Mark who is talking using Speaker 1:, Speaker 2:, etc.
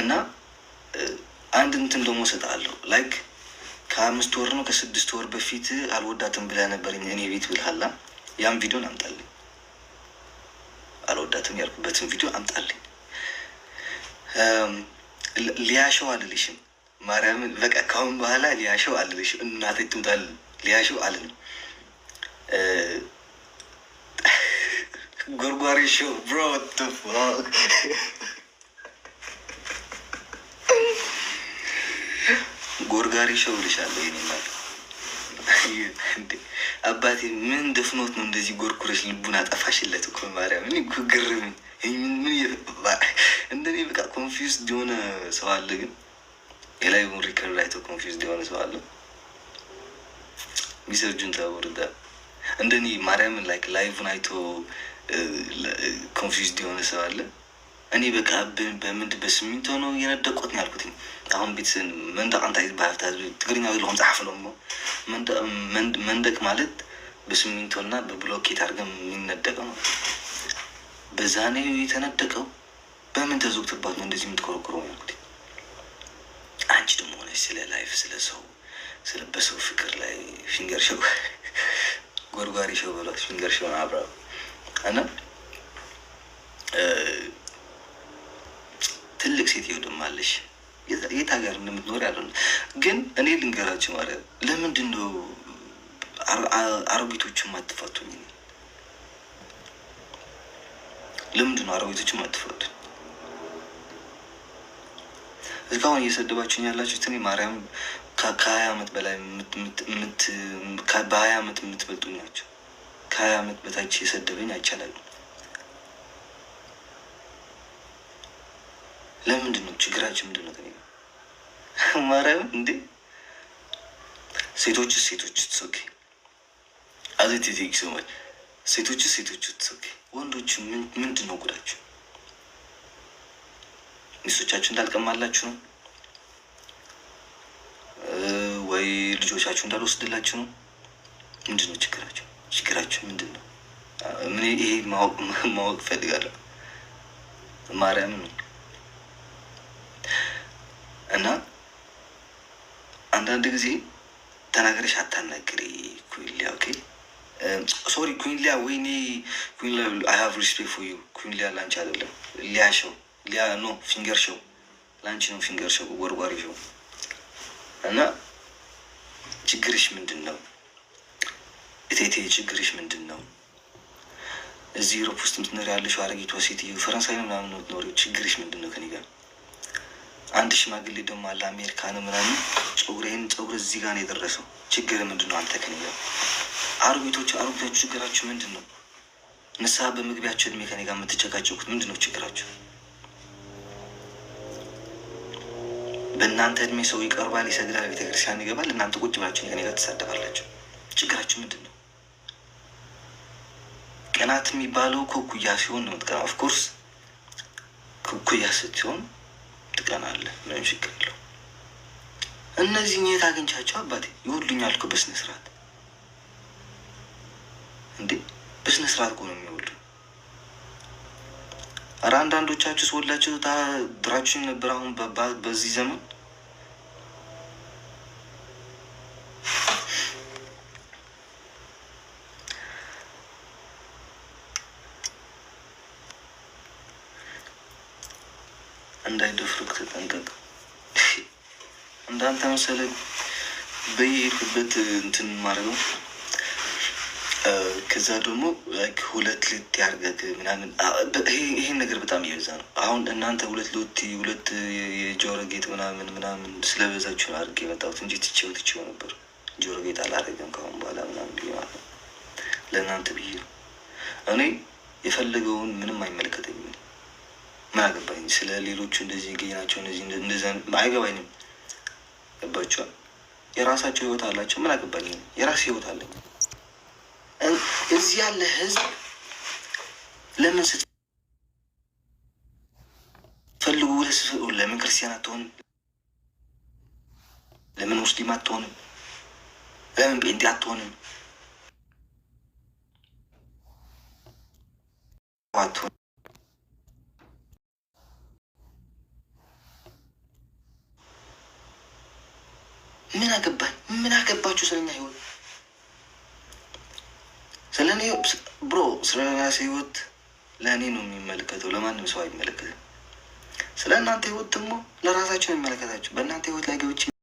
Speaker 1: እና አንድ እንትን ደግሞ እሰጥሃለሁ ላይክ ከአምስት ወር ነው ከስድስት ወር በፊት አልወዳትም ብለህ ነበር እኔ ቤት ብልሃላ። ያም ቪዲዮን አምጣልኝ፣ አልወዳትም ያልኩበትን ቪዲዮ አምጣልኝ። ሊያሸው አልልሽም፣ ማርያምን በቃ ካሁን በኋላ ሊያሸው አልልሽም። እናቴ ትውጣል፣ ሊያሸው አልልም። ጎርጓሪ ሾው ብሮ ጎርጋሪ ሸው ልሻለሁ። ይኔና አባቴ ምን ደፍኖት ነው እንደዚህ ጎርኩረሽ ልቡን አጠፋሽለት እኮ ማርያም። እኔ እኮ ግርምኝ እንደኔ በቃ ኮንፊውዝድ የሆነ ሰው አለ፣ ግን የላይ ሪከርድ አይቶ ኮንፊውዝድ የሆነ ሰው አለ። ሚስተር ጁንታ እንደኔ ማርያምን ላይክ ላይቭን አይቶ ኮንፊውዝድ የሆነ ሰው አለ። እኔ በቃ በምንድ በስሚንቶ ነው የነደቆት ነው ያልኩት። አሁን ቤት መንደቅ እንታይ ዝበሃል ትግርኛ ኢልኩም ፀሓፍሎ ሞ መንደቅ ማለት በስሚንቶ እና በብሎኬት አድርገን የሚነደቀ ነው። በዛ ነው የተነደቀው። በምን ተዘግቶባት ነው እንደዚህ የምትኮረኩረው ያልኩት። አንቺ ደግሞ ሆነ ስለ ላይፍ ስለ ሰው ስለ በሰው ፍቅር ላይ ፊንገር ሸው ጎርጓሪ ሸው በሏት ፊንገር ሸውን አብራ እና ትልቅ ሴትዮ ደግሞ አለሽ። የት ሀገር እንደምትኖር ያለ ግን እኔ ልንገራችሁ ማለት ለምንድን ነው አሮጊቶቹም አትፈቱኝ? ለምንድን ነው አሮጊቶቹም አትፈቱኝ? እስካሁን እየሰደባችሁኝ ያላችሁት እኔ ማርያም ከሀያ አመት በላይ በሀያ ዓመት የምትበልጡ ናቸው። ከሀያ ዓመት በታች የሰደበኝ አይቻላሉ። ለምንድን ነው ችግራችን? ምንድን ነው ከኔ ማርያም እንዴ? ሴቶች ሴቶች ትሶኬ አዜት ቴክ ሰማች። ሴቶች ሴቶች ትሶኬ ወንዶች ምንድን ነው ጉዳችሁ? ሚስቶቻችሁ እንዳልቀማላችሁ ነው ወይ ልጆቻችሁ እንዳልወስድላችሁ ነው? ምንድን ነው ችግራችሁ? ችግራችሁ ምንድን ነው? ምን ይሄ ማወቅ ፈልጋለሁ ማርያም ነው እና አንዳንድ ጊዜ ተናገረሽ አታናግሪ ኩንሊያ። ኦኬ ሶሪ ኩንሊያ፣ ወይኔ ኩንሊያ፣ አይ ሀቭ ሪስፔክት ፎር ዩ ኩንሊያ። ላንቺ አይደለም ሊያ ሸው ሊያ ኖ ፊንገር ሸው ላንቺ ነው ፊንገር ሸው ወርዋሪ ሸው። እና ችግርሽ ምንድን ነው እቴቴ? ችግርሽ ምንድን ነው? እዚህ ዩሮፕ ውስጥ ምትኖር ያለሽው አረጊቷ ሴትዮ ፈረንሳይ ነው ምናምን ነው ችግርሽ ምንድን ነው ከኔ ጋር አንድ ሽማግሌ ደግሞ አለ አሜሪካ ነው ምናምን ጸጉሬን ጸጉር እዚህ ጋር ነው የደረሰው። ችግር ምንድን ነው? አንተ ከኔ አሮጊቶች አሮጊቶቹ ችግራችሁ ምንድን ነው? ንስሐ በመግቢያቸው እድሜ ከኔ ጋር የምትጨቃጨቁት ምንድን ነው ችግራችሁ? በእናንተ እድሜ ሰው ይቀርባል፣ ይሰግዳል፣ ቤተክርስቲያን ይገባል። እናንተ ቁጭ ብላችሁ ከኔ ጋር ትሳደባላችሁ። ችግራችሁ ምንድን ነው? ቅናት የሚባለው እኮ ሲሆን ነው። ኦፍኮርስ ኩያ ስትሆን ትቀናለህ። ምንም ችግር የለው። እነዚህ የት አግኝቻቸው አባቴ ይውልኛል እኮ በስነ ስርዓት እንዴ፣ በስነ ስርዓት እኮ ነው የሚውሉ። ኧረ አንዳንዶቻችሁ ስወላችሁ ድራችሁን ነበር አሁን በዚህ ዘመን እንዳይደፍሩክ ተጠንቀቅ። እንዳንተ መሰለ በየሄድኩበት እንትን ማለት ነው። ከዛ ደግሞ ሁለት ልት ያርገግ ምናምን ይሄን ነገር በጣም እየበዛ ነው። አሁን እናንተ ሁለት ልት ሁለት የጆሮ ጌጥ ምናምን ምናምን ስለበዛችሁን አድርጌ የመጣሁት እንጂ ትቼው ትቼው ነበር። ጆሮ ጌጥ አላረገም ከአሁን በኋላ ምናምን ማለት ነው። ለእናንተ ብዬ ነው። እኔ የፈለገውን ምንም አይመለከተኝም። ምን አገባኝ ስለ ሌሎቹ እንደዚህ ገኝ ናቸው እንደዚህ እንደዚህ አይገባኝም። ገባቸዋል። የራሳቸው ህይወት አላቸው። ምን አገባኝ? የራስ ህይወት አለኝ። እዚህ ያለ ህዝብ ለምን ስትፈልጉ ለምን ክርስቲያን አትሆንም? ለምን ሙስሊም አትሆንም? ለምን ጴንጤ አትሆንም? ምን አገባኝ? ምን አገባችሁ ስለኛ ህይወት ስለኔ ብሮ ስለራሴ ህይወት ለእኔ ነው የሚመለከተው፣ ለማንም ሰው አይመለከትም። ስለ እናንተ ህይወት ደግሞ ለራሳቸው የሚመለከታቸው በእናንተ ህይወት ላይ ገብቼ